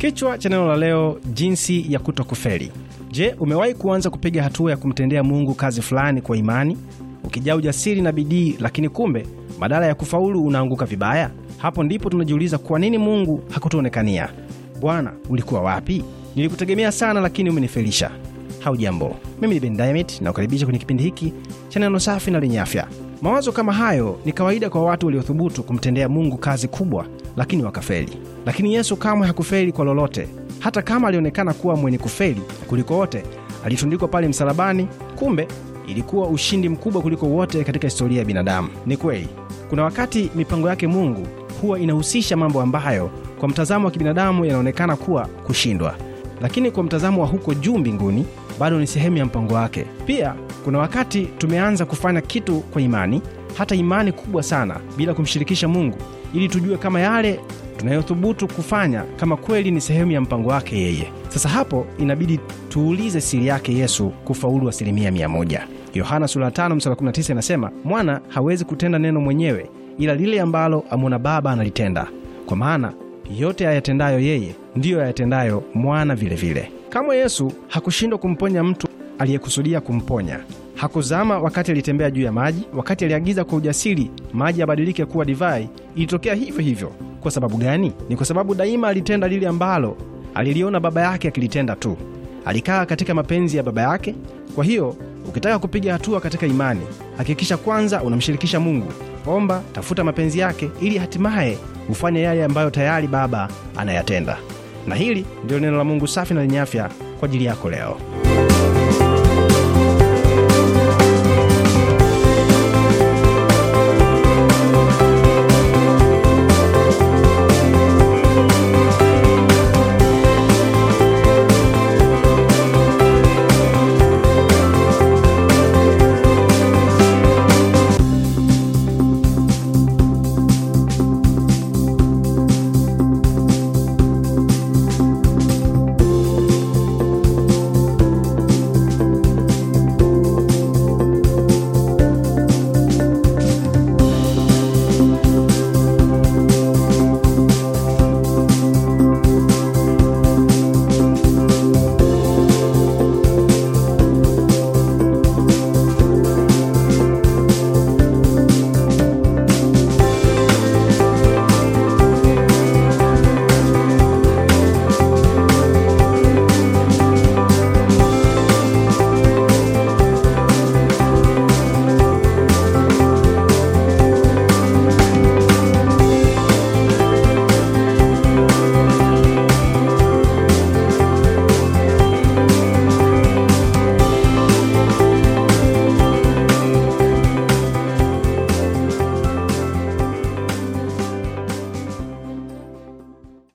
Kichwa cha neno la leo, jinsi ya kuto kufeli. Je, umewahi kuanza kupiga hatua ya kumtendea Mungu kazi fulani kwa imani, ukijaa ujasiri na bidii, lakini kumbe badala ya kufaulu unaanguka vibaya? Hapo ndipo tunajiuliza kwa nini Mungu hakutuonekania. Bwana, ulikuwa wapi? Nilikutegemea sana, lakini umenifelisha. Haujambo, mimi ni Ben Diamond na kukaribisha kwenye kipindi hiki cha neno safi na lenye afya. Mawazo kama hayo ni kawaida kwa watu waliothubutu kumtendea Mungu kazi kubwa, lakini wakafeli. Lakini Yesu kamwe hakufeli kwa lolote. Hata kama alionekana kuwa mwenye kufeli kuliko wote, alitundikwa pale msalabani, kumbe ilikuwa ushindi mkubwa kuliko wote katika historia ya binadamu. Ni kweli kuna wakati mipango yake Mungu huwa inahusisha mambo ambayo kwa mtazamo wa kibinadamu yanaonekana kuwa kushindwa, lakini kwa mtazamo wa huko juu mbinguni bado ni sehemu ya mpango wake. Pia kuna wakati tumeanza kufanya kitu kwa imani, hata imani kubwa sana, bila kumshirikisha Mungu, ili tujue kama yale tunayothubutu kufanya kama kweli ni sehemu ya mpango wake yeye. Sasa hapo inabidi tuulize siri yake Yesu kufaulu asilimia 1 Yohana 5 inasema, mwana hawezi kutenda neno mwenyewe, ila lile ambalo amwona Baba analitenda, kwa maana yote ayatendayo yeye ndiyo ayatendayo mwana vilevile. Kamwe Yesu hakushindwa kumponya mtu aliyekusudia kumponya. Hakuzama wakati alitembea juu ya maji, wakati aliagiza kwa ujasiri maji yabadilike kuwa divai, ilitokea hivyo hivyo. Kwa sababu gani? Ni kwa sababu daima alitenda lile ambalo aliliona baba yake akilitenda tu. Alikaa katika mapenzi ya baba yake. Kwa hiyo ukitaka kupiga hatua katika imani, hakikisha kwanza unamshirikisha Mungu. Omba, tafuta mapenzi yake, ili hatimaye ufanye yale ambayo tayari Baba anayatenda. Na hili ndilo neno la Mungu safi na lenye afya kwa ajili yako leo.